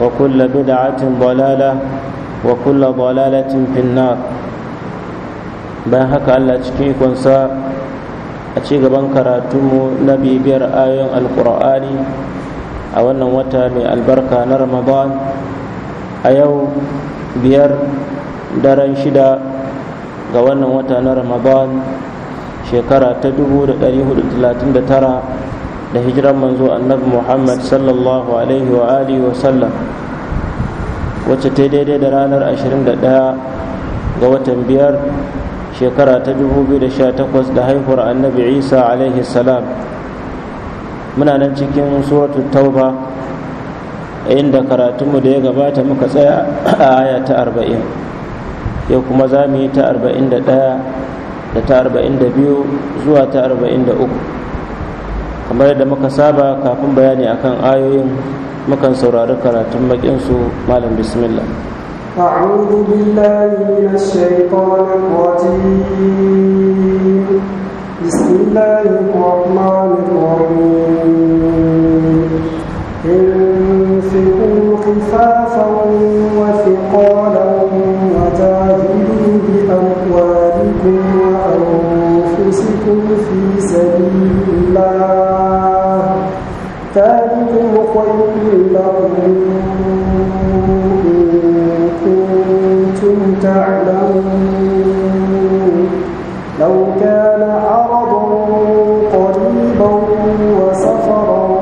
وكل بدعة ضلالة وكل ضلالة في النار bayan haka Allah cikin ikonsa a ci gaban karatunmu na bibiyar ayoyin alkur'ani a wannan wata mai albarka na a yau biyar daren shida ga wannan wata na ramadan shekara ta 439 da hijiran manzo annabi muhammad sallallahu alaihi wa alihi wa sallam wacce ta daidai da ranar 21 ga watan biyar shekara ta 2018 da haihuwar annabi isa alaihi salam muna nan cikin suratul tauba inda karatunmu da ya gabata muka tsaya a aya ta 40 yau kuma za mu yi ta 41 da ta 42 zuwa ta 43 kamar yadda muka saba kafin bayani akan ayoyin mukan saurari karatun bakinsu malam bismillah أعوذ بالله من الشيطان الرجيم بسم الله الرحمن الرحيم انفقوا خفافا وثقالا وجاهدوا بأموالكم وأنفسكم في سبيل الله خير لكم إن كنتم تعلمون لو كان عرضا قريبا وسفرا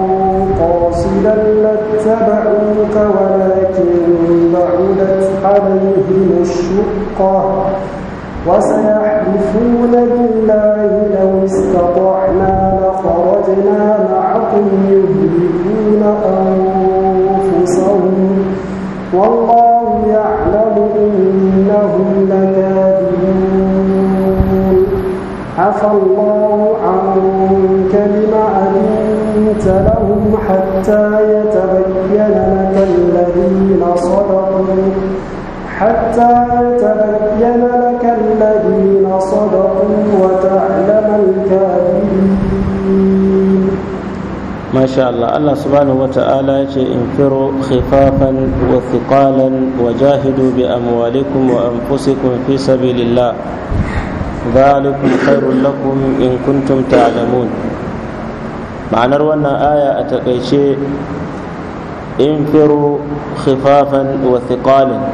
قاصدا لاتبعوك ولكن بعدت عليهم الشقة وسيعلمون والله يعلم إنهم لكاذبون عفى الله عنك لما أذنت لهم حتى masha Allah Allah subhanahu wata'ala ya ce in firo khifafan wa thiqalan wa jahidu bi amwalikum wa anfusikum fi sabilillah dhalikum khairul lakum in kuntum ta'lamun ma'anar wannan aya a takaice in firo khifafan wa thiqalan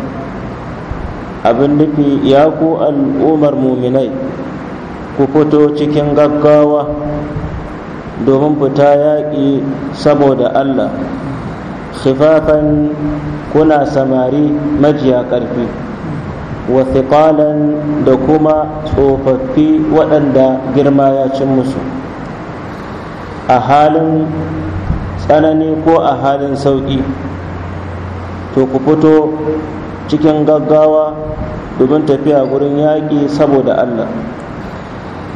abin nufi ya ku al'ummar muminai ku fito cikin gaggawa domin fita yaƙi saboda Allah khifafan kuna samari majiya ƙarfi wathiqalan da kuma tsofaffi waɗanda girma ya cin musu a halin tsanani ko a halin sauƙi to ku fito cikin gaggawa domin tafiya gurin yaƙi saboda Allah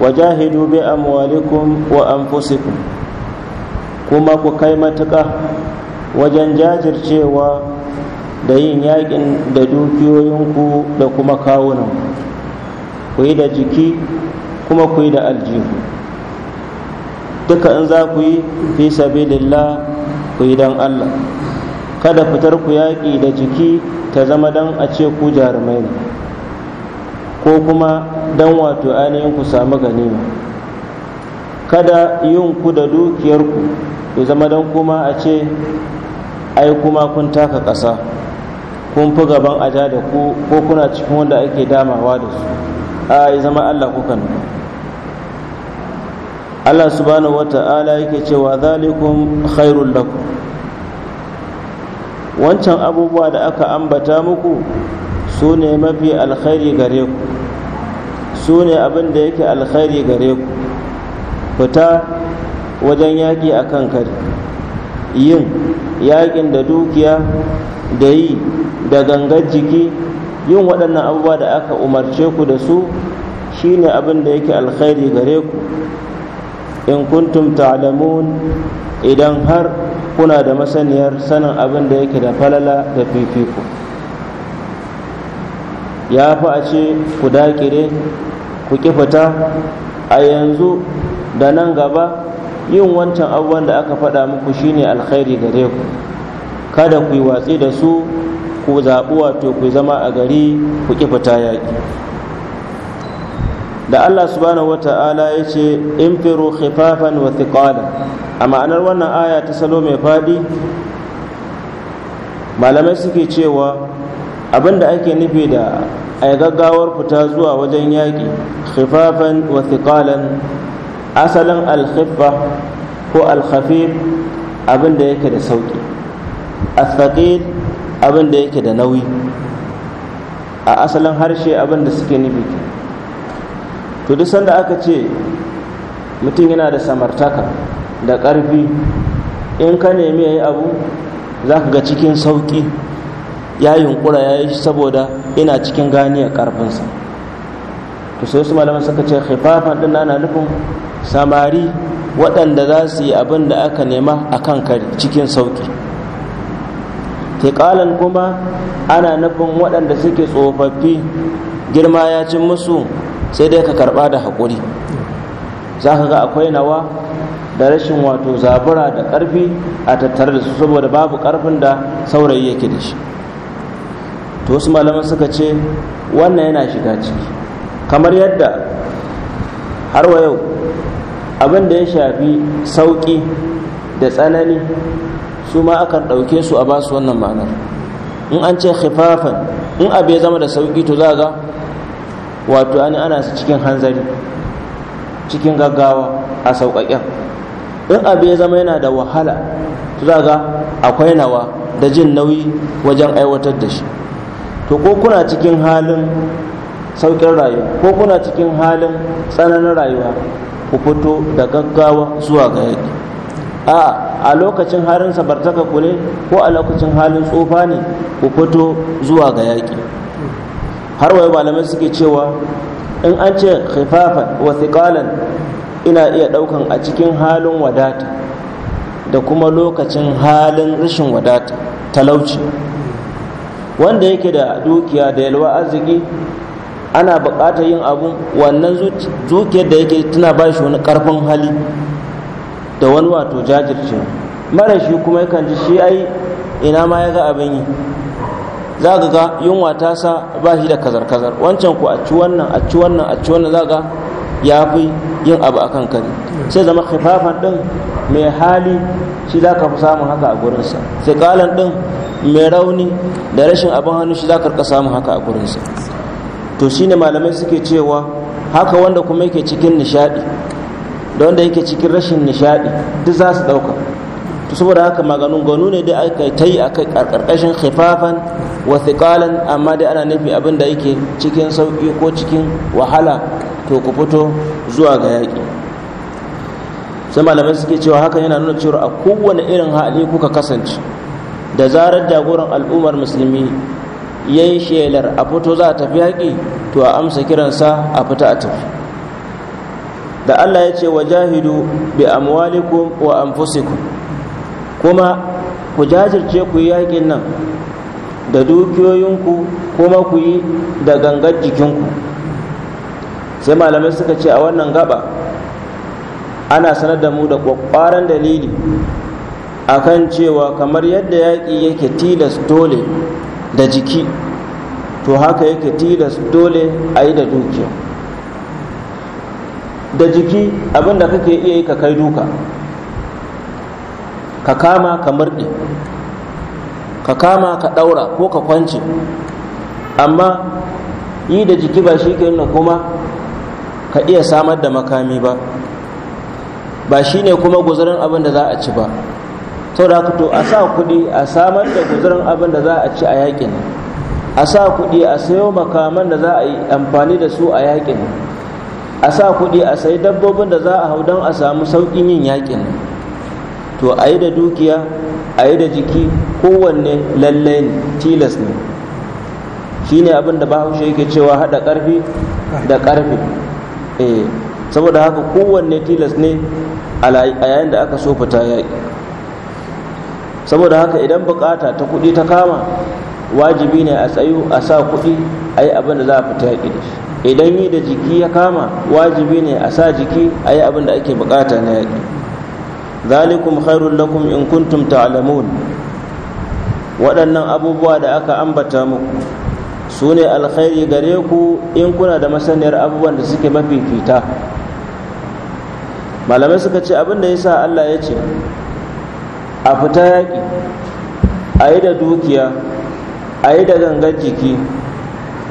wajahidu bi amwalikum wa anfusikum kuma ku kai matuƙa wajen jajircewa da yin yakin da dukiyoyinku da kuma kawunan ku yi da jiki kuma ku yi da aljihu duka in za ku yi fi sabilillah ku yi don Allah kada fitar ku yaƙi da jiki ta zama don a ce ku jarumai ne ko kuma don wato ainihin ku samu ganima kada yin ku da dukiyarku ya zama don kuma a ce ai kuma kun taka ƙasa kun fi gaban aja da ku ko kuna cikin wanda ake damawa da su a ya zama allah kukan allah subhanahu wata'ala yake cewa zalikum khairul lakum wancan abubuwa da aka ambata muku su ne mafi alkhairi gare ku su ne abin da yake alkhairi gare ku fita wajen yaƙi a kan kari yin yaƙin da dukiya da yi da gangar jiki yin waɗannan abubuwa da aka umarce ku da su shi ne abin da yake alkhairi gare ku in kuntum ta'lamun idan har kuna da masaniyar sanin abin da yake da falala da fifiko ya fi a ce ku daƙire ku kifata a yanzu da nan gaba yin wancan abubuwan da aka faɗa muku shine alkhairi gare ku kada ku yi watsi da su ku zaɓi wato ku zama a gari ku kifata fita yaƙi da Allah subhanahu wata'ala ya ce infiru khifafan wa thiqala a ma'anar wannan aya ta salo mai faɗi malamai suke cewa abinda ake nufi da a gaggawar fita zuwa wajen yaƙi khifafan wa thiqalan asalin alkhiffa ko alkhafif abin da yake da sauƙi asfaqil abin da yake da nauyi a asalin harshe abin da suke nufi to duk sanda aka ce mutum yana da samartaka da ƙarfi in ka nemi yayi abu za ka ga cikin sauƙi ya yunƙura ya yi saboda ina cikin ganiyar ƙarfinsa to sai su malaman suka ce khifafan din ana nufin samari waɗanda za su yi abin da aka nema a kan kari cikin sauƙi tiƙalan kuma ana nufin waɗanda suke tsofaffi girma ya ci musu sai dai ka karɓa da haƙuri za ka ga akwai nawa da rashin wato zabura da ƙarfi a tattare da su saboda babu ƙarfin da saurayi yake da shi to wasu malaman suka ce wannan yana shiga ciki kamar yadda har wa yau abin da ya shafi sauƙi da tsanani su ma akan ɗauke su a ba su wannan ma'anar in an ce khifafan in abu ya zama da sauƙi to za ga wato ani ana su cikin hanzari cikin gaggawa a sauƙaƙen in abu ya zama yana da wahala to za ga akwai nawa da jin nauyi wajen aiwatar da shi to ko kuna cikin halin sauƙin rayuwa ko kuna cikin halin tsananin rayuwa ku fito da gaggawa zuwa ga yaki a a lokacin halin sabartaka ku ne ko a lokacin halin tsufa ne ku fito zuwa ga yaki har wayo malamai suke cewa in an ce khifafan wa thiqalan ina iya ɗaukan a cikin halin wadata da kuma lokacin halin rashin wadata talauci wanda yake da dukiya da yalwa arziki ana buƙatar yin abu wannan zuciyar da yake tana ba shi wani ƙarfin hali da wani wato jajirce mara shi kuma yakan ji shi ai ina ma ya ga abin yi za ga ga yunwa ta sa ba shi da kazar-kazar wancan ku a ci wannan a ci wannan a ci wannan za ga ya fi yin abu akan kari. sai zama khifafan din mai hali shi za ka fi samun haka a gurinsa sai kalan din mai rauni da rashin abin hannu shi za ka samu haka a gurinsa to shine malamai suke cewa haka wanda kuma yake cikin nishadi da wanda yake cikin rashin nishadi duk za su ɗauka to saboda haka gano ne da aka ta yi a karkashin khifafan wa thiqalan amma dai ana nufi abin da yake cikin sauƙi ko cikin wahala to ku fito zuwa ga yaki. sai malamai suke cewa hakan yana nuna cewa a kowane irin hali kuka kasance da zarar jagoran al'ummar musulmi ya yi shelar a fito za a tafi yaƙi to a amsa kiransa a fita a tafi da allah ya ce wajahidu bi amwalikum wa anfusikum kuma ku jajirce ku yi yaƙin nan da dukiyoyinku kuma ku yi da gangar jikinku sai malamai suka ce a wannan gaba ana sanar da mu da ƙwaƙƙwaran dalili akan cewa kamar yadda yaƙi yake tilas dole da jiki to haka yake tilas dole a yi da dukiya da jiki abinda kake iya yi ka kai duka ka kama ka murɗe ka kama ka ɗaura ko ka kwance amma yi da jiki ba shi ke kuma ka iya samar da makami ba ba shi ne kuma guzarin abin da za a ci ba saboda haka to a sa kuɗi a samar da guzuran abin da za a ci a yaƙin a sa kuɗi a sayo makaman da za a yi amfani da su a yaƙin a sa kuɗi a sayi dabbobin da za a hau don a samu sauƙin yin yaƙin to a yi da dukiya a yi da jiki kowanne lallai tilas ne shi ne abin da bahaushe yake cewa haɗa ƙarfi da ƙarfi eh, saboda haka kowanne tilas ne a yayin da aka so fita yaƙi saboda haka idan bukata ta kuɗi ta kama wajibi ne a tsayu a sa kuɗi a yi abin da za a fita yaƙi da shi idan yi da jiki ya kama wajibi ne a sa jiki a yi abin da ake bukata na yaƙi zalikum khairul lakum in kuntum ta'lamun waɗannan abubuwa da aka ambata muku su ne alkhairi gare ku in kuna da masaniyar abubuwan da suke fita. malamai suka ce abin da ya sa allah ya ce a fita yaƙi a yi da dukiya a yi da gangar jiki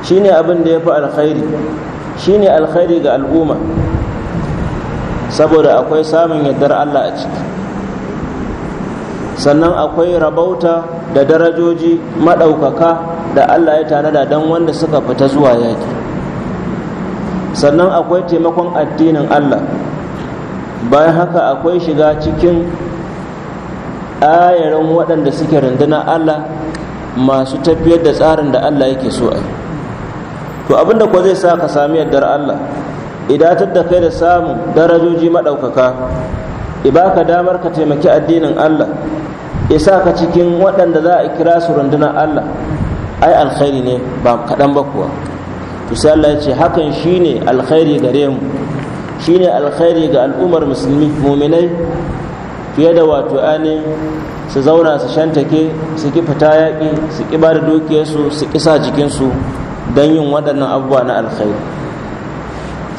shine abin da ya fi alkhairi shine alkhairi ga al'umma saboda akwai samun yardar Allah a ciki sannan akwai rabauta da darajoji maɗaukaka da Allah ya da don wanda suka fita zuwa yaƙi sannan akwai taimakon addinin Allah bayan haka akwai shiga cikin ayarin waɗanda suke rundunar Allah masu tafiyar da tsarin da Allah yake so a yi to abinda ko zai sa ka sami yardar Allah idatar da kai da samun darajoji maɗaukaka ibaka damar ka taimaki addinin Allah isa ka cikin waɗanda za a kira su rundunar Allah ai alkhairi ne ba kaɗan ba kuwa to sai Allah ya ce hakan shine alkhairi gare mu shine alkhairi ga al'ummar musulmi muminai fiye da wato ainihin su zauna su shantake su ki fita yaƙi su ki ba da dukiyarsu su ki jikinsu don yin waɗannan abubuwa na alkhairi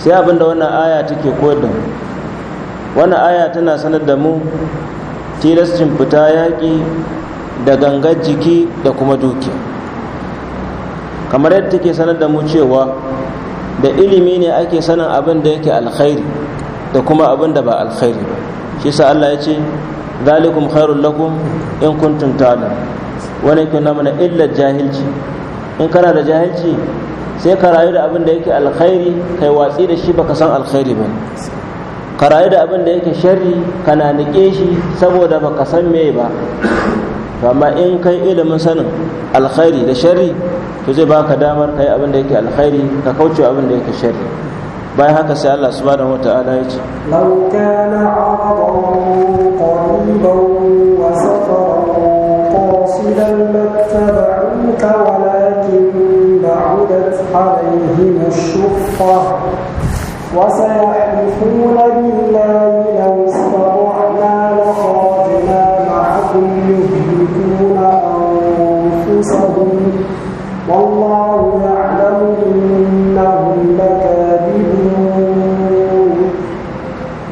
sai abin da wannan aya take koyar wannan aya tana sanar da mu tilascin fita yaƙi da gangar jiki da kuma dukiya kamar yadda take sanar da mu cewa da ilimi ne ake sanin abin da yake alkhairi da kuma abin da ba alkhairi ba shi sa Allah ya ce zalikum khairul lakum in kuntum ta'lam wani kuna mana illar jahilci in kana da jahilci sai ka rayu da abin da yake alkhairi kai watsi da shi baka san alkhairi ba ka rayu da abin da yake sharri kana nike shi saboda baka san me ba amma in kai ilimin sanin alkhairi da sharri to zai baka damar kai abin da yake alkhairi ka kauce abin da yake sharri باي هكا سي الله سبحانه وتعالى يج لو كان عرضا قريبا وسفرا قاصدا لاتبعوك ولكن بعدت عليهم الشقه وسيحلفون بالله لو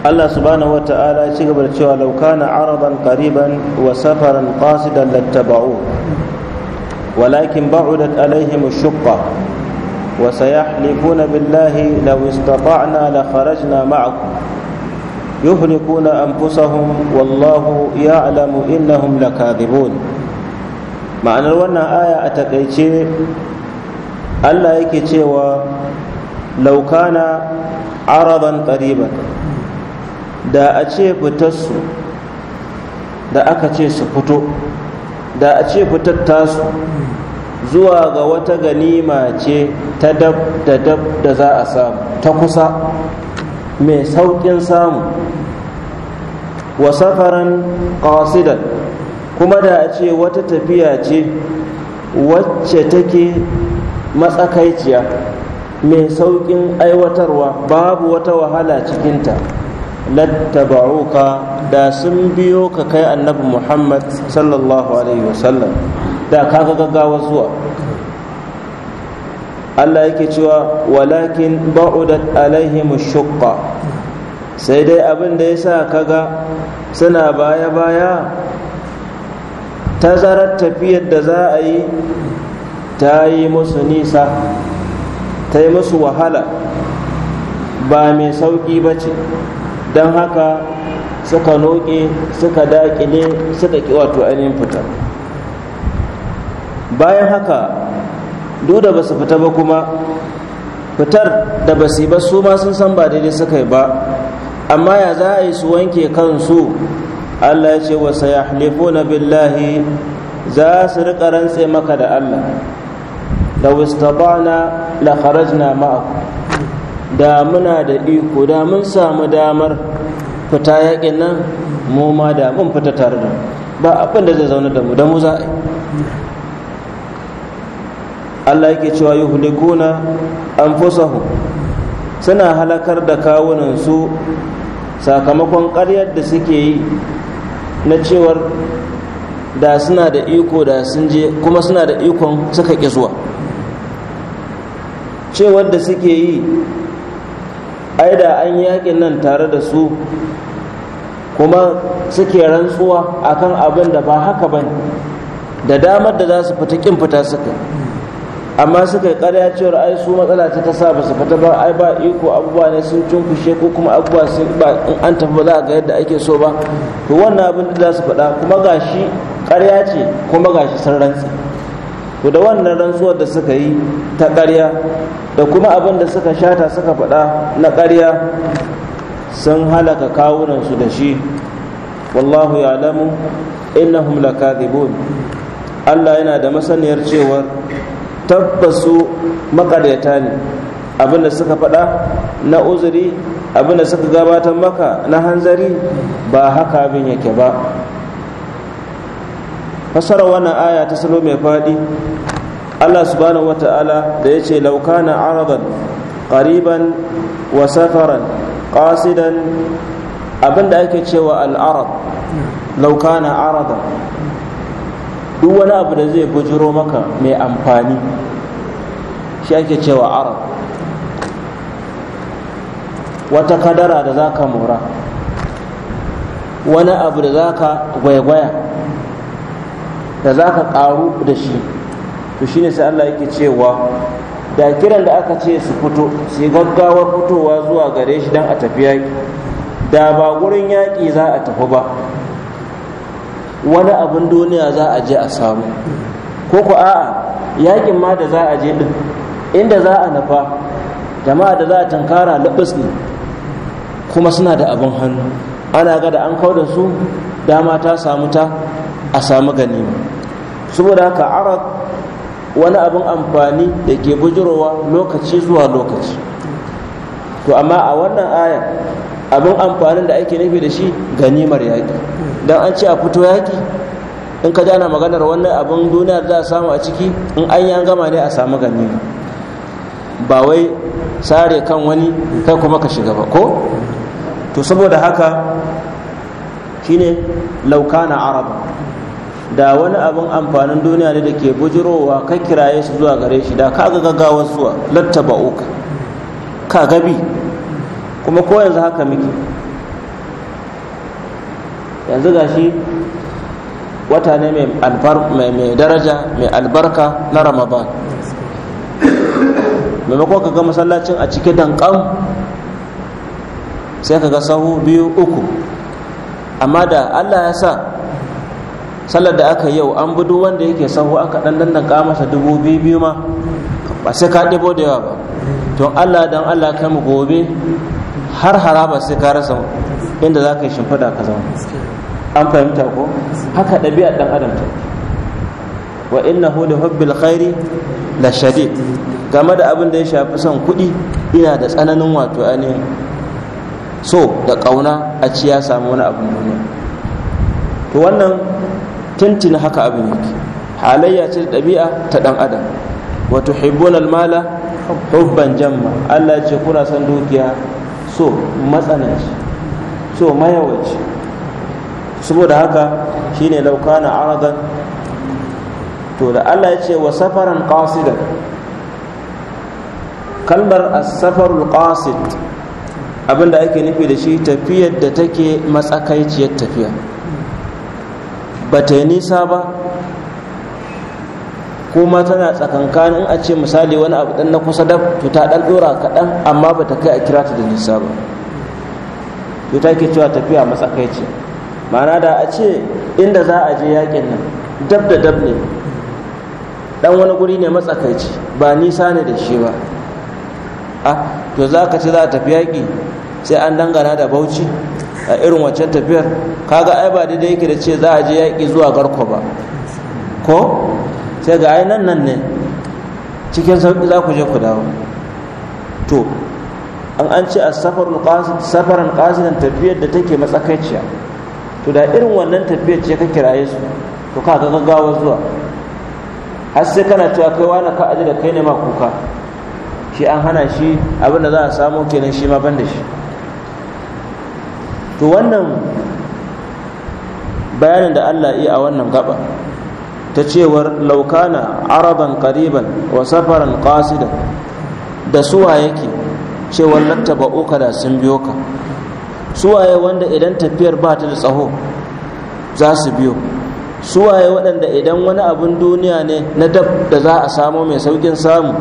Allah subhanahu wa ta'ala ya ci gaba da cewa laukana araban qariban wa safaran qasidan lattaba'u walakin ba'udat alaihim ash-shaqqa wa sayahlifuna billahi law istata'na la kharajna ma'akum yuhlikuna anfusahum wallahu ya'lamu innahum lakadhibun ma'anar wannan aya a takaice Allah yake cewa laukana araban qariban da a ce su da aka ce su fito da a ce fitar tasu zuwa ga wata ganima ce ta dab da dab da za a samu ta kusa mai sauƙin samu wa safaran ƙasidan kuma da a ce wata tafiya ce wacce take matsakaiciya mai sauƙin aiwatarwa babu wata wahala cikinta lattaba'uka da sun biyo ka kai annabi muhammad sallallahu alaihi wasallam da ka gaggawa zuwa allah yake cewa walakin ba'udat alaihim shuqqa sai dai abin da ya sa ka ga suna baya-baya tazarar tafiyar da za a yi ta yi musu nisa ta yi musu wahala ba mai sauƙi ba ce don haka suka noƙe suka daƙile suka ƙi wato ainihin fita bayan haka duk da ba su fita ba kuma fitar da ba ba su ma sun san ba daidai suka yi ba amma ya za a yi su wanke kansu allah ya ce wasu ya na billahi za su riƙa rantse maka da allah da wasu na la kharajna ma'akum da muna da iko da mun samu damar fita yakin nan mu ma da mun fita tare da ba abin da zai zauna da mu da mu za a yi Allah yake cewa yuhlikuna anfusahu suna halakar da kawunan su sakamakon ƙaryar da suke yi na cewar da suna da iko da sun je kuma suna da ikon suka ƙi zuwa cewar da suke yi ai da an yi yakin nan tare da su kuma suke rantsuwa akan abin da ba haka ba da damar da za su fita kin fita suka amma suka yi ƙarya cewar ai su matsala ta sa ba su fita ba ai ba iko abubuwa ne sun cunkushe ko kuma abubuwa sun ba in an tafi ba za a ga yadda ake so ba to wannan abin da za su faɗa kuma gashi ƙarya ce kuma gashi sun rantsi Ku da wannan rantsuwar da suka yi ta ƙarya da kuma abin da suka shata suka faɗa na ƙarya sun halaka kawunansu da shi wallahu ya ya'lamu innahum lakadibun Allah yana da masaniyar cewar tabbasu maƙaryata ne abin da suka faɗa na uzuri abin da suka gabatar maka na hanzari ba haka abin yake ba fasara wannan aya ta salo mai faɗi Allah subhanahu wata'ala da ya ce laukana araban ƙariban wa safaran ƙasidan abinda ake cewa al'arab laukana araban duk wani abu da zai bujiro maka mai amfani shi ake cewa arab wata kadara da za ka mora wani abu da za ka gwaigwaya da za ka ƙaru da shi to shine sai Allah yake cewa da kiran da aka ce su fito sai gaggawar fitowa zuwa gare shi don a tafi yaƙi da ba gurin yaƙi za a tafi ba wani abin duniya za a je a samu ko ku a'a yaƙin ma da za a je din inda za a nafa jama'a da za a tankara lubus ne kuma suna da abin hannu ana ga da an kau da su dama ta samu ta a samu ganima saboda haka arab wani abin amfani da ke bujirowa lokaci zuwa lokaci to amma a wannan ayan abin amfanin da ake nufi da shi ganimar yaƙi don an ce a fito yaƙi in ka jana maganar wannan abin duniya za a samu a ciki in an yi gama ne a samu ganima ba wai sare kan wani kai kuma ka shiga ba ko to saboda haka shine laukana araba da wani abin amfanin duniya ne da ke bujirowa ka kiraye su zuwa gare shi da ka gaggawar zuwa lattaba uka ka gabi kuma ko yanzu haka muke yanzu gashi wata ne mai daraja mai albarka na ramadan maimakon ka ga masallacin a cike dankan sai ka ga sahu biyu uku amma da allah ya sa sallar da aka yau an bi duk wanda yake sahu aka dan ka masa dubu biyu biyu ma ba sai ka ɗibo da yawa ba to Allah dan Allah kai mu gobe har haraba sai ka rasa inda za ka yi shimfiɗa ka zama an fahimta ko haka ɗabi'a ɗan adam ta wa innahu li hubbil khairi la shadid game da abin da ya shafi son kuɗi ina da tsananin wato ainihin so da ƙauna a ci ya samu wani abin duniya to wannan na haka abin ne halayya ce da ɗabi'a ta ɗan adam wato hibbon almala hubban jamma allah ce kuna son dukiya so matsananci so mayawaci saboda haka shine laukana aradan to da allah ya ce wa safaran qasidan kalmar as-safarul qasid abinda ake nufi da shi tafiyar da take matsakaiciyar tafiya ba ta yi nisa ba kuma tana tsakankanin a ce misali wani abu dan na kusa da to ta dan dora kaɗan amma ba ta kai a kira ta da nisa ba to ta ke cewa tafiya matsakaici ma'ana da a ce inda za a je yakin nan dab da dab ne dan wani guri ne matsakaici ba nisa ne da shi ba a ah, to za ka ce za a tafi yaƙi sai an dangana da bauchi a irin wancan tafiyar kaga ai ba daidai yake da ce za a je yaƙi zuwa garko ba ko sai ga ai nan nan ne cikin sauƙi za ku je ku dawo to an an ce a safarin ƙasidan tafiyar da take matsakaiciya to da irin wannan tafiyar ce ka kiraye su to ka ga gaggawa zuwa har sai kana cewa kai wani ka aji da kai ne ma kuka shi an hana shi abinda za a samu kenan shi ma ban da shi to wannan bayanin da Allah yi a wannan gaba ta cewar laukana araban kariban wa safaran qasidan da suwa yake cewar lattaba uka da sun biyo ka suwaye wanda idan tafiyar ba ta da tsaho za su biyo suwaye waɗanda idan wani abin duniya ne na dab da za a samo mai saukin samu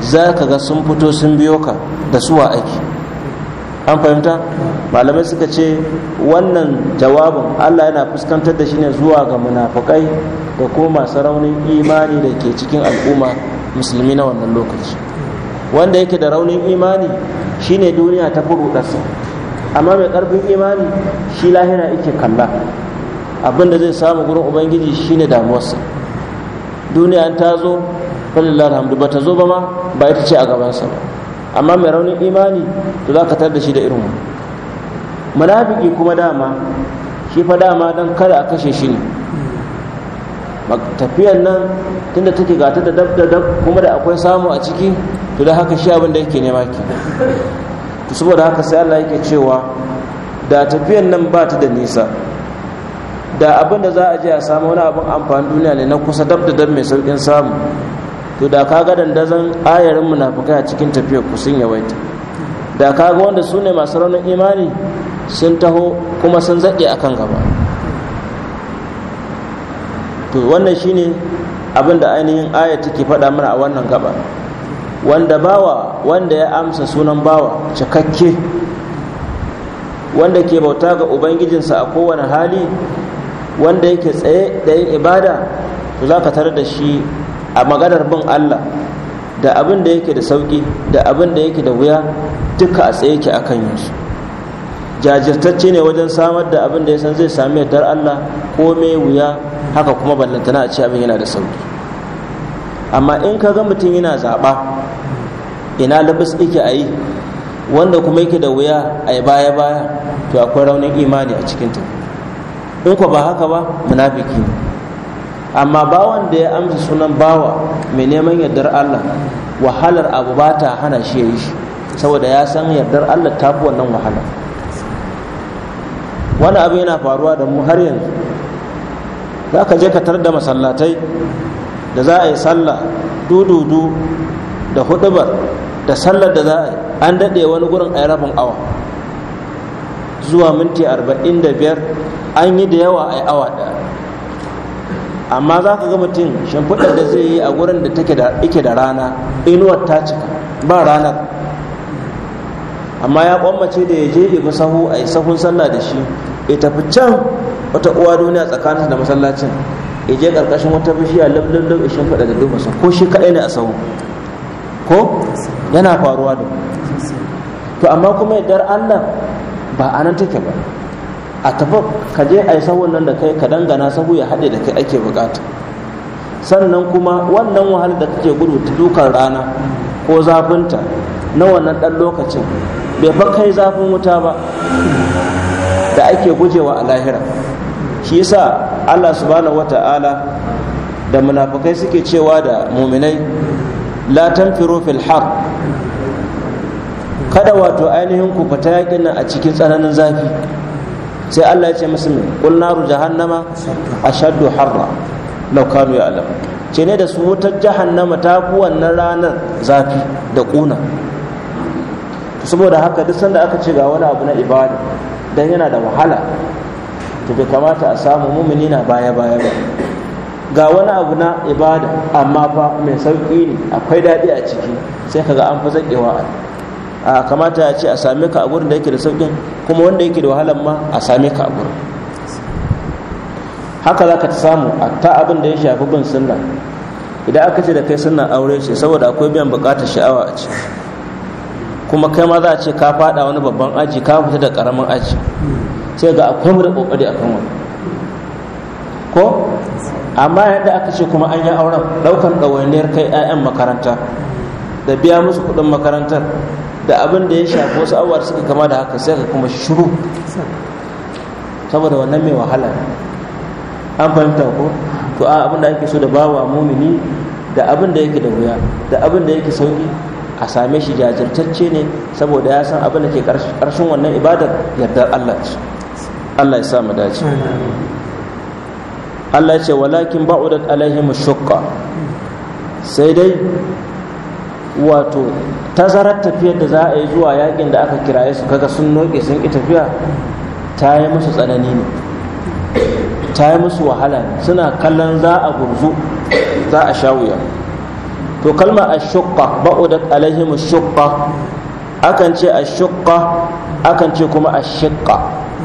za ka ga sun fito sun biyo ka da suwa ake an fahimta malamai suka ce wannan jawabin allah yana fuskantar da shi ne zuwa ga munafukai da kuma masu raunin imani da ke cikin al'umma musulmi na wannan lokaci wanda yake da raunin imani shine duniya ta fi rudarsa amma mai karfin imani shi lahira yake kalla abin da zai samu gurin ubangiji shine damuwarsa duniya ta zo falillah alhamdu ba ta zo ba ma ba ita ce a gabansa ba amma mai raunin imani to za ka tar da shi da irin munafiki kuma dama shi fa dama don kada a kashe shi ne tafiyan nan tunda take gata da dab da dab kuma da akwai samu a ciki to da haka shi abin da yake nema ke to saboda haka sai Allah yake cewa da tafiyan nan ba ta da nisa da abin da za a je a samu wani abin amfani duniya ne na kusa dab da dab mai saukin samu to da ka ga dandazon ayarin munafukai a cikin tafiyar ku sun yawaita da ka ga wanda su ne masu raunin imani sun taho kuma sun zaɗe a kan gaba to wannan shine abin da ainihin aya take faɗa mana a wannan gaba wanda bawa wanda ya amsa sunan bawa cikakke wanda ke bauta ga ubangijinsa a kowane hali wanda yake tsaye da yin ibada to za ka tare da shi a maganar bin Allah da abin da yake da sauƙi da abin da yake da wuya duka a tsaye ke akan yin su jajirtacce ne wajen samar da abin da ya san zai sami yardar Allah ko mai wuya haka kuma ballantana a ce abin yana da sauki. amma in ka ga mutum yana zaɓa ina labis yake a yi wanda kuma yake da wuya a yi baya baya to akwai raunin imani a cikin ta in ba haka ba munafiki ne amma bawan da ya amsa sunan bawa mai neman yardar Allah wahalar abu ba ta hana shi ya yi shi saboda ya san yardar Allah ta fi wannan wahala wani abu yana faruwa da mu har yanzu za ka je ka tar da masallatai da za a yi sallah dududu da hudubar da sallar da za a yi an daɗe wani gurin a rabin awa zuwa minti arba'in da biyar an yi da yawa a yi awa ɗaya amma za ka ga mutum shimfiɗar da zai yi a wurin da take da ike da rana inuwar ta cika ba ranar amma ya kwammace da ya je ibi sahu a sahun sallah da shi ya tafi can wata uwa duniya tsakanin da masallacin ya je karkashin wata bishiya lamlamlam ishin faɗa da duba ko shi kaɗai ne a sahu ko yana faruwa da to amma kuma yardar Allah ba a take ba a tafi ka je a yi sahun nan da kai ka dangana sahu ya haɗe da kai ake bukata sannan kuma wannan wahalar da kake gudu ta dukan rana ko zafinta na wannan ɗan lokacin bai fa kai zafin wuta ba da ake gujewa a lahira shi yasa Allah subhanahu wata'ala da munafukai suke cewa da muminai la tanfiru fil har kada wato ainihin ku fita yakin nan a cikin tsananin zafi sai Allah ya ce musu kun naru jahannama ashaddu harra law kanu ya'lamu ce ne da su wutar jahannama ta tafi wannan ranar zafi da ƙuna. saboda haka duk sanda aka ce ga wani abu na ibada dan yana da wahala to bai kamata a samu mumini na baya baya ba ga wani abu na ibada amma fa mai sauƙi ne akwai daɗi a ciki sai kaga an fi zaƙewa a a kamata ya ce a same ka a gurin da yake da saukin kuma wanda yake da wahalar ma a same ka a gurin haka za ka ta samu a ta abin da ya shafi bin sunna idan aka ce da kai sunna aure ce saboda akwai biyan bukatar sha'awa a ce kuma kai ma za a ce ka fada wani babban aji ka fita da karamin aji sai ga akwai mu da kokari kan wani ko amma yadda aka ce kuma an yi auren daukan ɗawainiyar kai 'ya'yan makaranta da biya musu kuɗin makarantar da abin da ya shafi wasu da suka kama da haka sai ka kuma shiru saboda wannan mai wahala an fahimta ko to a abin da ake so da bawa mumini da abin da yake da wuya da abin da yake sauki a same shi jajirtacce ne saboda ya san abin da ke karshen wannan ibadar yardar Allah ce Allah ya sa mu dace Allah ya ce walakin ba'udat alaihim shukka sai dai wato tazarar tafiyar da za a yi zuwa yakin da aka kiraye su kaga sun noke sun ki tafiya ta yi musu tsanani ne ta yi musu wahala ne suna kallon za a gurzu za a sha wuya to kalma ashukka ba'udat alaihimu shukka akan ce shukka akan ce kuma ashukka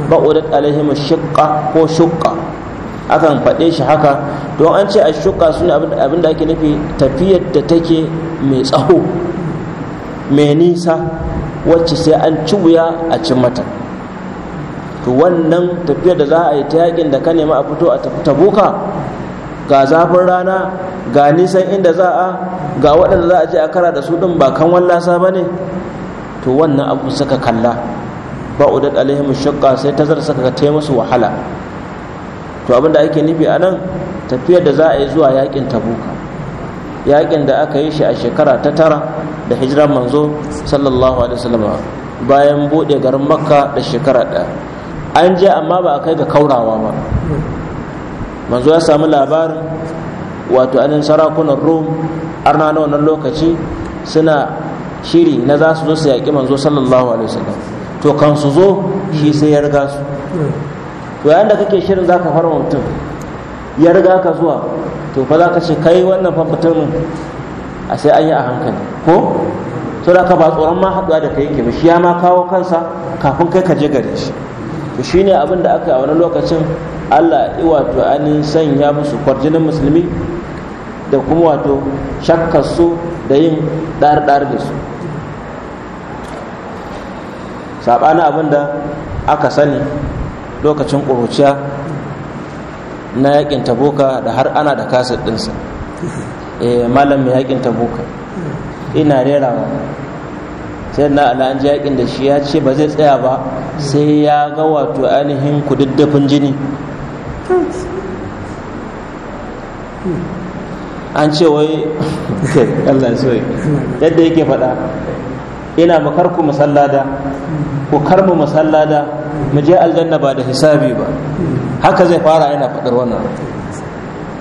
ba'udat alaihimu shukka ko shukka akan faɗe shi haka don an ce ashukka sune abin da ake nufi tafiyar da take mai tsaho mai nisa wacce sai an ci wuya a cin mata to wannan tafiyar da za a yi ta yakin da ka nema a fito a tafi tabuka ga zafin rana ga nisan inda za a ga waɗanda za a je a kara da su ɗin ba kan wallasa ba ne to wannan abu suka kalla ba udat alaihim shaqqa sai ta zara suka ta musu wahala to abin ake nufi a nan tafiyar da za a yi zuwa yakin tabuka yakin da aka yi shi a shekara ta tara da hijiran manzo sallallahu alaihi wasallam bayan bude garin makka da shekara ɗaya an je amma ba a kai ga kaurawa ba manzo ya samu labarin wato anin sarakunan rom arna na wannan lokaci suna shiri na za su zo su yaƙi manzo sallallahu alaihi wasallam to kan su zo shi sai ya riga su to yayin da kake shirin za ka fara mutum ya riga ka zuwa to fa za ka ce kai wannan famfatin a sai an yi a hankali ko to da ka ba tsoron ma haɗuwa da kai yake ba shi ya ma kawo kansa kafin kai ka je gare shi to shine abin da aka yi a wani lokacin Allah ya wato an sanya musu kwarjinin musulmi da kuma wato shakkar su da yin ɗar-ɗar da su saɓanin abin da aka sani lokacin ƙuruciya na yakin taboka da har ana da kasar ɗinsa eh, malam mai yakin taboka ina rerawa sai na alhaji an yakin da shi ya ce ba zai tsaya ba sai ya ga wato ainihin kududdufin jini an ce wai Allah ya yadda yake faɗa ina mu karku musallada ku karmu musallada mu je aljanna ba da hisabi ba haka zai fara yana faɗar wannan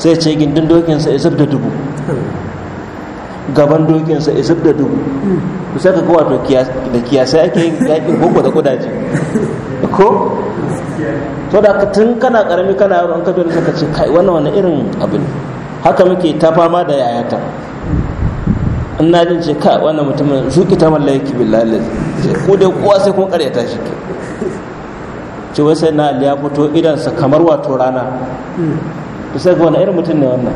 sai ce gindin dokinsa isif da dubu gaban dokinsa isif da dubu sai ka wato to da kiyasai ake yin yakin boko da kudaje ko to da ka tun kana karami kana yaro an ka dole saka ce kai wannan wani irin abu ne haka muke ta fama da yayata in na jin ce ka wannan mutumin zuki ta mallaki billahi ko dai kowa sai kun karyata shi ce wai sai na ya fito idansa kamar wato rana to sai ga wani irin mutum ne wannan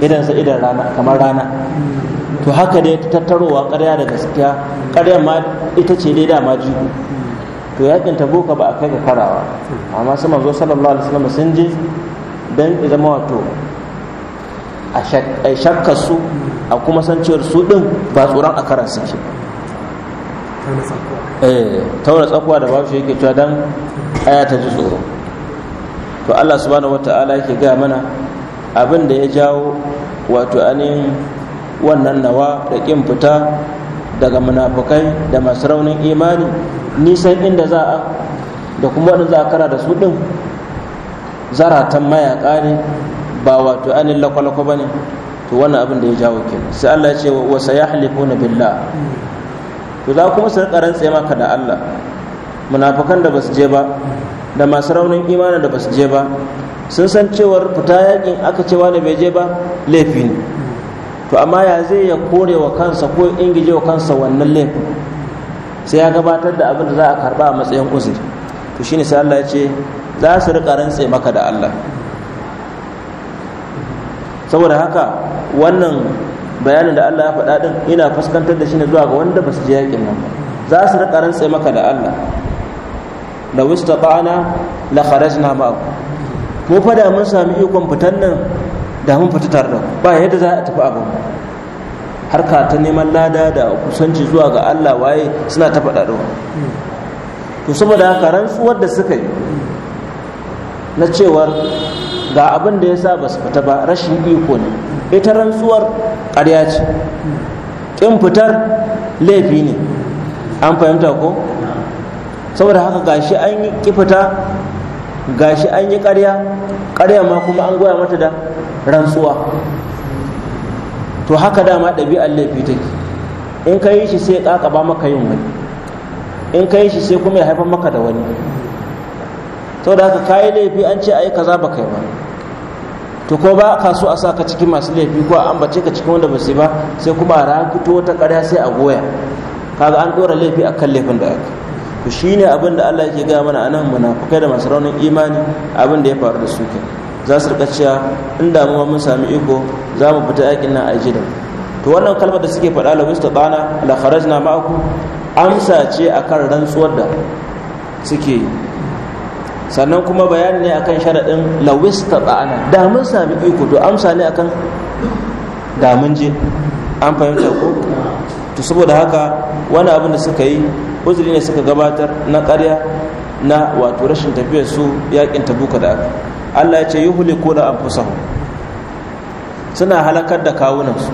idansa idan rana kamar rana to haka dai ta tattarowa ƙarya da gaskiya ƙarya ma ita ce dai dama ji to yakin boka ba a kai ga karawa amma su manzo sallallahu alaihi wasallam sun je dan zama wato a shakkar su a kuma san cewar su din ba tsoron a karan suke ba taura eh, tsakuwa da babu shi yake cewa dan aya ta ji tsoro to Allah subhanahu wata'ala yake gaya mana abin da ya jawo wato anin wannan nawa da kin fita daga munafukai da masu raunin imani nisan inda za a da kuma wani za kara da su ɗin zaratan mayaƙa ne ba wato anin lakwalakwa ba ne to wannan abin da ya jawo kenan sai Allah ya ce wa sayahlifuna billah to za kuma su riƙa rantse maka da Allah munafukan da basu je ba da masu raunin imanin da basu je ba sun san cewar fita yakin aka cewa ne bai je ba laifi ne to amma ya zai ya kore wa kansa ko in ingije wa kansa wannan laifin sai ya gabatar da abin da za a karba a matsayin uzuri to shine sai Allah ya ce za su riƙa rantse maka da Allah saboda haka wannan bayanin da Allah ya faɗa ɗin ina fuskantar da shi ne zuwa ga wanda ba su je yaƙin nan za su riƙa rantse maka da Allah da wistata'ana la kharajna ma'akum mu fa da mun sami ikon fitan nan da mun fita tare da ku ba yadda za a tafi abin harka ta neman lada da kusanci zuwa ga Allah waye suna ta faɗa ɗin to saboda haka rantsuwar da suka yi na cewar ga abin da ya sa ba su fita ba rashin iko ne ita rantsuwar ƙarya ce ƙin fitar laifi ne an fahimta ko saboda haka gashi an yi kifita gashi an yi ƙarya ƙarya ma kuma an goya mata da rantsuwa to haka dama ɗabi'ar laifi take in ka yi shi sai ba maka yin wani in ka yi shi sai kuma ya haifar maka da wani saboda haka kayi laifi an ce a yi kaza ba kai ba to ko ba ka so a sa ka cikin masu laifi ko a bace ka cikin wanda ba su ba sai kuma a ran fito wata ƙarya sai a goya kaga an ɗora laifi a kan laifin da aka to ne abin da Allah ke gaya mana anan munafukai da masu raunin imani abin da ya faru da su ke za su rika cewa in damuwa mun sami iko za mu fita yakin nan a jidan to wannan kalmar da suke faɗa la wista bana la kharajna ma'akum amsa ce akan rantsuwar da suke yi sannan kuma bayani ne akan sharaɗin lawista ba'ana da mun sami iko to amsa ne akan da mun je an fahimta ko to saboda haka wani abin da suka yi uzuri ne suka gabatar na ƙarya na wato rashin tafiyar su yakin tabuka da aka Allah ya ce ko da anfusahum suna halakar da kawunansu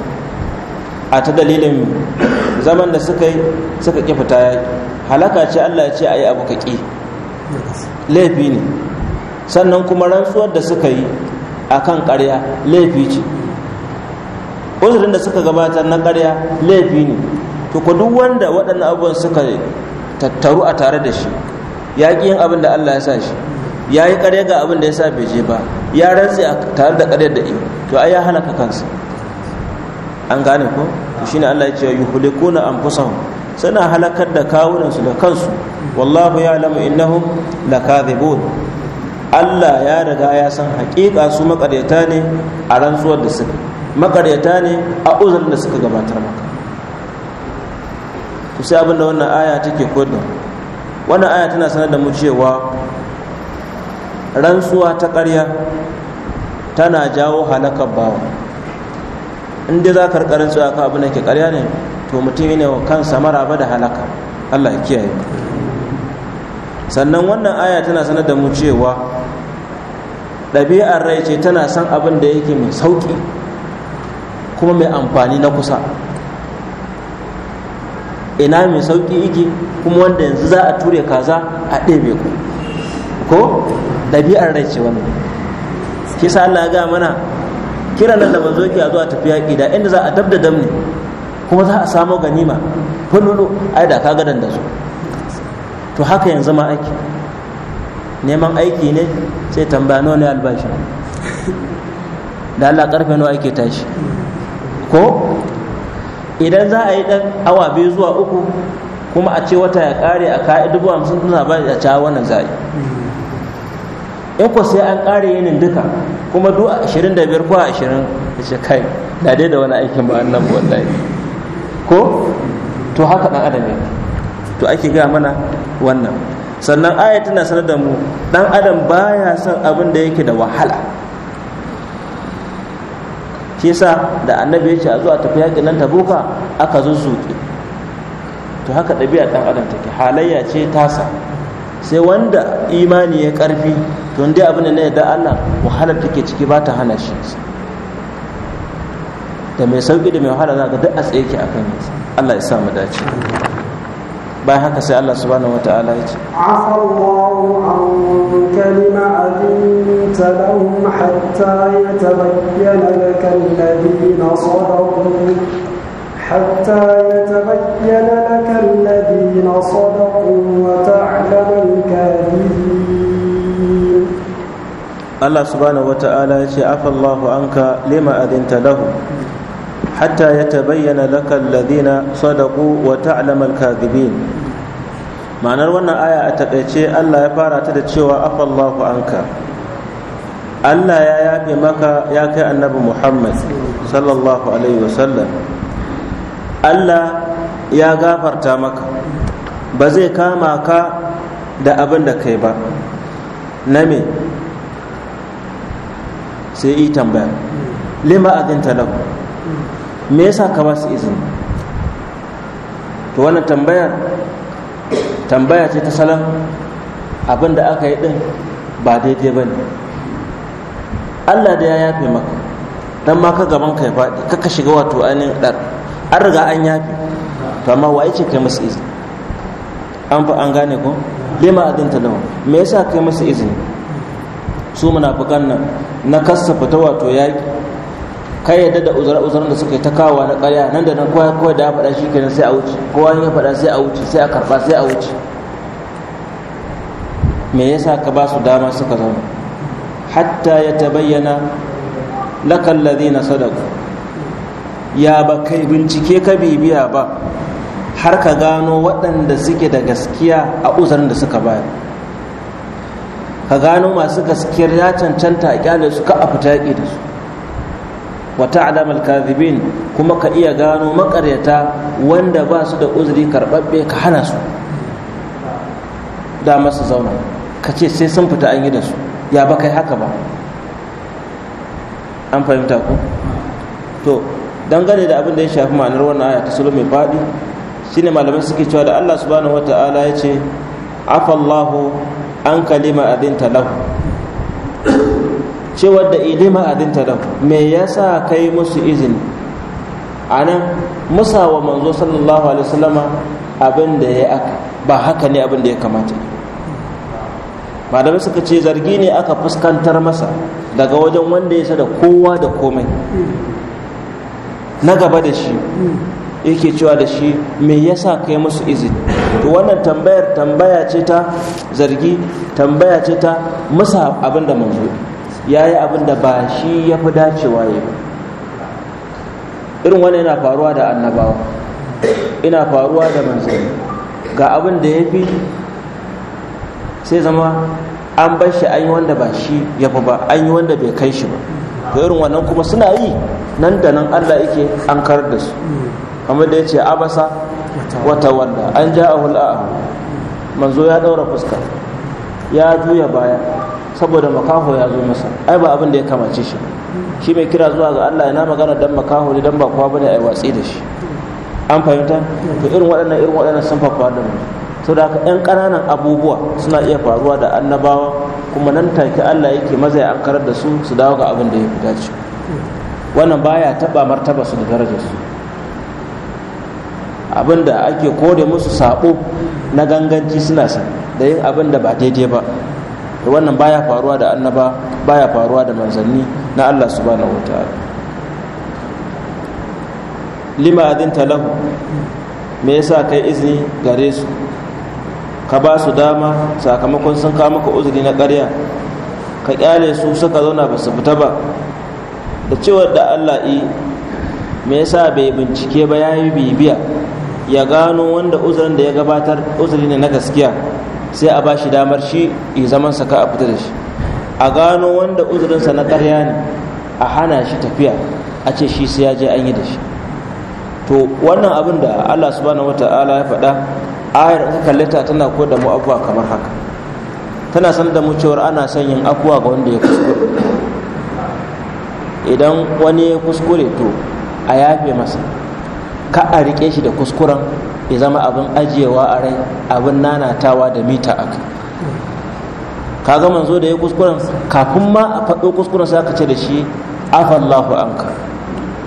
a ta dalilin zaman da suka yi suka ƙi fita yaƙi halaka ce Allah ya ce a yi abu ka ƙi laifi ne sannan kuma rantsuwar da suka yi a kan karya laifi ce uzurin da suka gabatar na karya laifi ne to ku duk wanda waɗannan abubuwan suka tattaru a tare da shi ya ƙi yin abin da Allah ya sa shi ya yi karya ga abin da ya sa bai je ba ya rantse a tare da karyar da iya to ai ya halaka kansa an gane ko shine Allah ya ce yuhlikuna anfusahum suna halakar da kawunansu da kansu wallahu ya ya'lamu innahum lakadhibun Allah ya riga ya san hakika su makaryata ne a rantsuwar da suka makaryata ne a uzurin da suka gabatar maka ku sai abinda wannan aya take koyar wannan aya tana sanar da mu cewa rantsuwa ta ƙarya tana jawo halakar bawa in dai za ka rantsuwa ka abin da ke ƙarya ne to mutum yana wa kansa maraba da halaka Allah ya kiyaye sannan wannan aya tana sanar da mu cewa ɗabi'ar rai ce tana san abin da yake mai sauƙi kuma mai amfani na kusa ina mai sauƙi yake kuma wanda yanzu za a ture kaza a ɗebe ku ko ɗabi'ar rai ce wannan kisa Allah ya ga mana kiran nan da manzo a zuwa tafiya Da inda za a dab da dam ne kuma za a samo ganima fululu ai da ka gadan da su to haka yanzu ma aiki neman aiki ne sai tambaya nawa ne albashin da Allah karfe nawa ake tashi ko idan za a yi dan awa biyu zuwa uku kuma a ce wata ya kare a ka'i dubu hamsin suna ba a ca wannan zai in ko sai an kare yinin duka kuma duk ashirin da biyar ko ashirin da shekai da dai da wani aikin ba annan wallahi ko to haka dan adam yake to ake ga mana wannan sannan aya tana sanar da mu dan adam baya son abin da yake da wahala shi yasa da annabi ya ce a zuwa tafi yaƙin nan tabuka aka zuzzuke to haka ɗabi'a ɗan adam take halayya ce tasa sai wanda imani ya ƙarfi to dai abin da na da Allah wahala take ciki ba ta hana shi da mai sauki da mai wahala za ka duk a tsaye ke akan yanzu Allah ya samu dace bayan haka sai Allah subhanahu ta'ala ya ce afallahu an kalima adinta lahum hatta yatabayyana laka alladhina sadaqu حتى يتبين حتى يتبين لك الذين صدقوا وتعلم الكاذبين ma'anar wannan aya a taƙaice Allah ya fara ta da cewa afallahu anka Allah ya yafe maka ya kai annabi Muhammad sallallahu alaihi wasallam Allah ya gafarta maka ba zai kama ka da abin da kai ba na me sai yi tambaya lima azinta lahu me yasa ka ba su izini to wannan tambayar tambaya ce ta salon abin da aka yi din ba daidai ba ne allah da ya yafe maka dan ma ka gaban ka ya faɗi kaka shiga wato ainihin ɗar an riga an yafe to amma wa ce kai masu izini an fa an gane ko lima ta lawa me yasa kai masu izini su munafukan nan na kassa fita wato yaƙi kai yadda da uzura uzuran da suka yi ta kawo na ƙarya nan da nan kowa kowa da ya faɗa shi kenan sai a wuce kowa ya faɗa sai a wuce sai a karɓa sai a wuce me yasa ka ba su dama suka zauna hatta ya tabayyana lakal ladina sadaku ya ba kai bincike ka bibiya ba har ka gano waɗanda suke da gaskiya a uzurin da suka bayar ka gano masu gaskiyar ya cancanta a kyale su ka a fita da su wa ta'lam al-kadhibin kuma ka iya gano makaryata wanda ba su da uzuri karbabbe ka hana su da masu zauna ka ce sai sun fita an yi da su ya ba kai haka ba an fahimta ku to dangane da abin da ya shafi ma'anar wannan aya ta sulu mai faɗi shine malamai suke cewa da Allah subhanahu wata'ala ya ce afallahu an kalima adinta lahu cewa da ilima adinta lam me yasa kai musu izini anan musa wa manzo sallallahu alaihi wasallama abin da ya aka ba haka ne abin da ya kamata da suka ce zargi ne aka fuskantar masa daga wajen wanda ya da kowa da komai na gaba da shi yake cewa da shi me yasa kai musu izini to wannan tambayar tambaya ce ta zargi tambaya ce ta musa abin da manzo ya yi abin da ba shi ya fi dacewa ya ba irin wani yana faruwa da annabawa ina faruwa da manzanni ga abin da ya fi sai zama an bar shi an yi wanda ba shi ya fi ba an yi wanda bai kai shi ba to irin wannan kuma suna yi nan da nan allah yake an karar da su kamar da ya ce abasa wata wanda an ja a hul'a manzo ya daura fuska ya juya baya saboda makaho ya zo masa ai ba abin da ya kamace shi shi mai kira zuwa ga Allah yana magana dan makaho ne dan ba kowa bane ai watsi da shi an fahimta to irin waɗannan irin waɗannan sun fafa da mu to da ka ɗan ƙananan abubuwa suna iya faruwa da annabawa kuma nan take Allah yake maza ya ankarar da su su dawo ga abin da ya fi dace wannan baya taɓa martaba su da darajar su abin da ake kore musu sabo na ganganci suna san da yin abin da ba daidai ba da wannan baya faruwa da annaba baya faruwa da manzanni na Allah subhanahu wataala lima adinta lahu me yasa kai izini gare su ka ba su dama sakamakon sun kawo maka uzuri na ƙarya ka kyale su suka zauna ba su fita ba da cewar da Allah yi me yasa bai bincike ba yayi bibiya ya gano wanda uzurin da ya gabatar uzuri ne na gaskiya sai a bashi damar shi ya zaman saka a fita da shi a gano wanda uzurinsa na ƙarya ne a hana shi tafiya a ce shi sai ya je an yi da shi to wannan abin da Allah subhanahu ta'ala ya faɗa ayar in kalle tana ko da mu abuwa kamar haka tana san da mu cewar ana son yin akwa ga wanda ya kuskure idan wani ya kuskure to a yafe masa ka a rike shi da kuskuren ya zama abin ajiyewa a rai abin nanatawa da mita a kai Ka ga manzo da ya kuskuren kafin ma a faɗo kuskuren sa ka ce da shi afallahu anka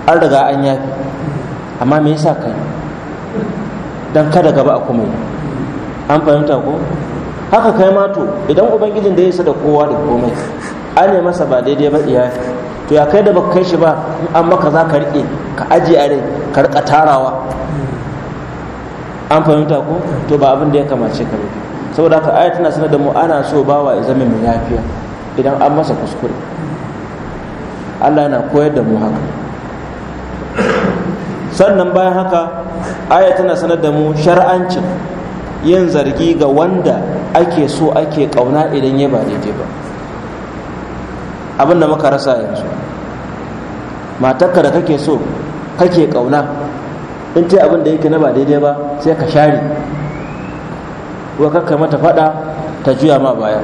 an riga an yafi amma me yasa kai dan kada gaba a kuma yi an fahimta ko haka kai ma to idan ubangijin da ya isa da kowa da komai an ne masa ba daidai ba iya to ya kai da baka kai shi ba in an maka za ka riƙe ka ajiye a rai ka riƙa tarawa an fahimta ko to ba abin da ya kamace ka ba saboda haka aya tana sanar da mu ana so bawa ya zama mai lafiya idan an masa kuskure Allah yana koyar da mu haka sannan bayan haka aya tana sanar da mu shar'ancin yin zargi ga wanda ake so ake kauna idan ya ba daidai ba abin da muka rasa yanzu matarka da kake so kake kauna in ce abin da yake na ba daidai ba sai ka share wa kakka mata fada ta juya ma baya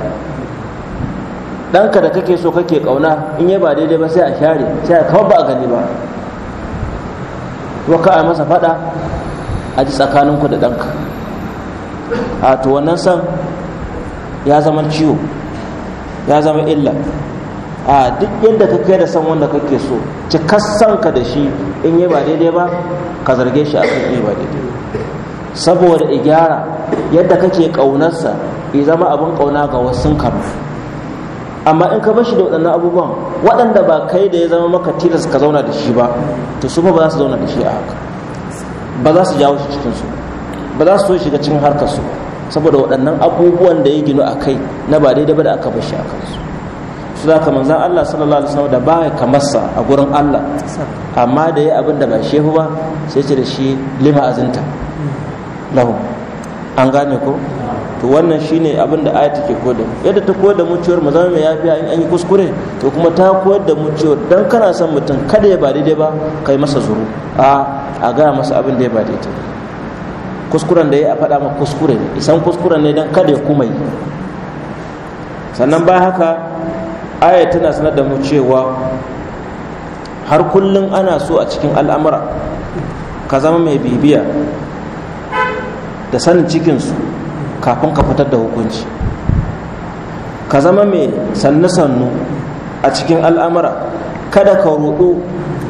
ɗanka da kake so kake ƙauna in yi ba daidai ba sai a share sai a kawar ba a gani ba wa a masa fada a ji tsakaninku da ɗanka a to wannan san ya zama ciwo ya zama illa a duk yadda ka kai da san wanda kake so cikassan ka da shi in yi ba daidai ba ka zarge shi a kan yi ba daidai saboda i gyara yadda kake ƙaunarsa i zama abin ƙauna ga wasu ka amma in ka bashi da waɗannan abubuwan waɗanda ba kai da ya zama maka tilas ka zauna da shi ba to su ba za su zauna da shi a haka ba za su jawo shi cikin su ba za su so shiga cikin harkar su saboda waɗannan abubuwan da ya gino a kai na ba daidai ba da aka bashi a kansu su za ka manzan Allah sallallahu alaihi wasallam da ba ka masa a gurin Allah amma da ya abin da ba shehu ba sai ce da shi lima azinta lahu an gane ko to wannan shine abin da ayata ke koda yadda ta koda mu cewar mu zama mai yafiya in an yi kuskure to kuma ta koyar da mu cewar dan kana son mutum kada ya ba daidai ba kai masa zuru a a gaya masa abin da ya ba daidai kuskuren da ya faɗa ma kuskure isan kuskuren ne dan kada ya kuma yi sannan ba haka aya tana sanar da mu cewa har kullum ana so a cikin al'amura ka zama mai bibiya da sanin cikinsu kafin ka fitar da hukunci ka zama mai sannu-sannu a cikin al'amura kada ka rudu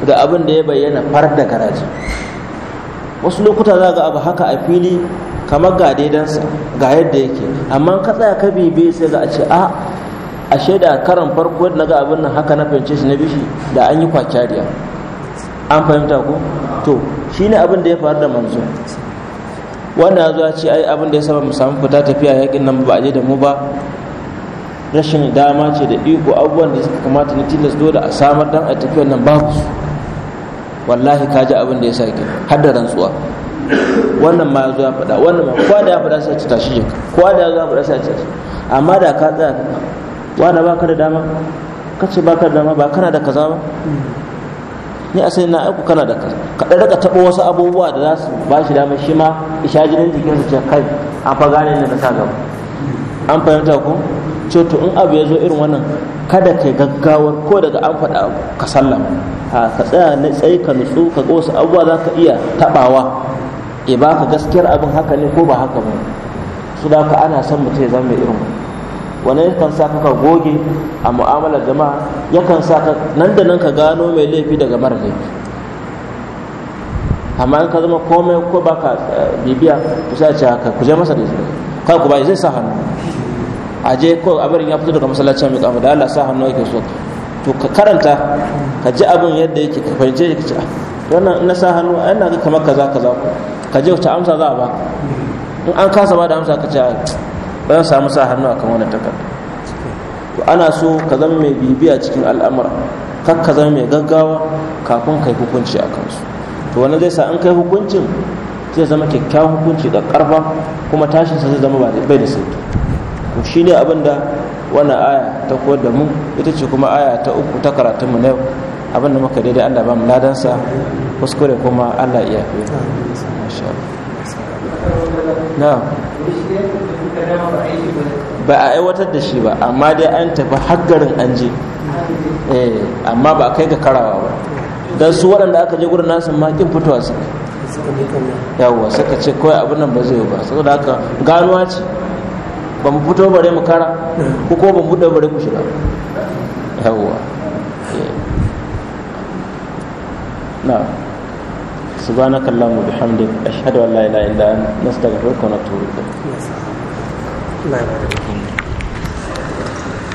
da abin da ya bayyana farar da garaji wasu lokuta za ga abu haka a fili kamar ga daidansa ga yadda yake amma ka tsaya ka bibe sai ga a ce a ashe da karan farko da ga abin nan haka na fahimce shi na bishi da an yi kwakiyariya an fahimta ko to shine abin da ya faru da manzo wanda ya zo ya ce ai abin da ya saba mu samu fita tafiya yakin nan ba a je da mu ba rashin dama ce da iko abubuwan da suka kamata na tilas dole a samar dan a tafiyar nan babu wallahi ka ji abin da ya sake har da rantsuwa wannan ma zo ya faɗa wannan ma kowa da ya faɗa sai ta tashi jika kowa da ya zo ya faɗa sai ta tashi amma da ka tsaya wani ba ka da dama ka ce ba ka da dama ba kana da kaza ba ni a sai na aiku kana da kaza ka ɗan raka taɓa wasu abubuwa da za su ba shi dama shi ma isha jinin jikinsa ce kai an fa gane ne da sa gaba an fahimta ko ce to in abu ya zo irin wannan kada kai gaggawar ko daga an faɗa ka sallama a ka tsaya na tsayi ka nutsu ka ga wasu abubuwa za ka iya taɓawa ya ba ka gaskiyar abin haka ne ko ba haka ba su da ka ana son mutum ya zama irin wannan wannan yakan sa ka goge a mu'amalar jama'a yakan sa ka nan da nan ka gano mai laifi daga mara laifi amma in ka zama komai ko ba ka eh, bibiya ku sa ce haka ku je masa da shi kai ku ba zai sa hannu a je ko abarin ya fito daga masallaci mai kama da Allah sa hannu yake so to ka karanta ka ji abin yadda yake ka fahimce ka ce ah, wannan na sa hannu a yana ga kamar kaza kaza ka je wace amsa za a ba in an kasa ba da amsa ka ce ah, ba samu sa hannu akan wannan takarda to ana so ka zama mai bibiya cikin al'amura kar ka zama mai gaggawa kafin kai hukunci a kansu to wannan zai sa an kai hukuncin zai zama kyakkyawan hukunci ga karfa kuma tashin sa zai zama bai da sauki to shine abin da wannan aya ta koyar da mu ita ce kuma aya ta uku ta karatunmu na yau abin da muka daidai Allah ba mu ladansa kuskure kuma Allah iya fi. ba a aiwatar da shi ba amma dai an tafi haggarin an je eh, amma ba a kai ga karawa ba don su waɗanda aka je gurin nasu ma kin fitowa suke yawwa suka ce kawai abin nan ba zai ba saboda haka ganuwa ce ba mu fito bare mu kara ko ko ba mu buɗe bare ku shiga yawwa eh. na'am سبحانك اللهم وبحمدك اشهد ان لا اله الا انت نستغفرك ونتوب اليك الله يبارك فيك.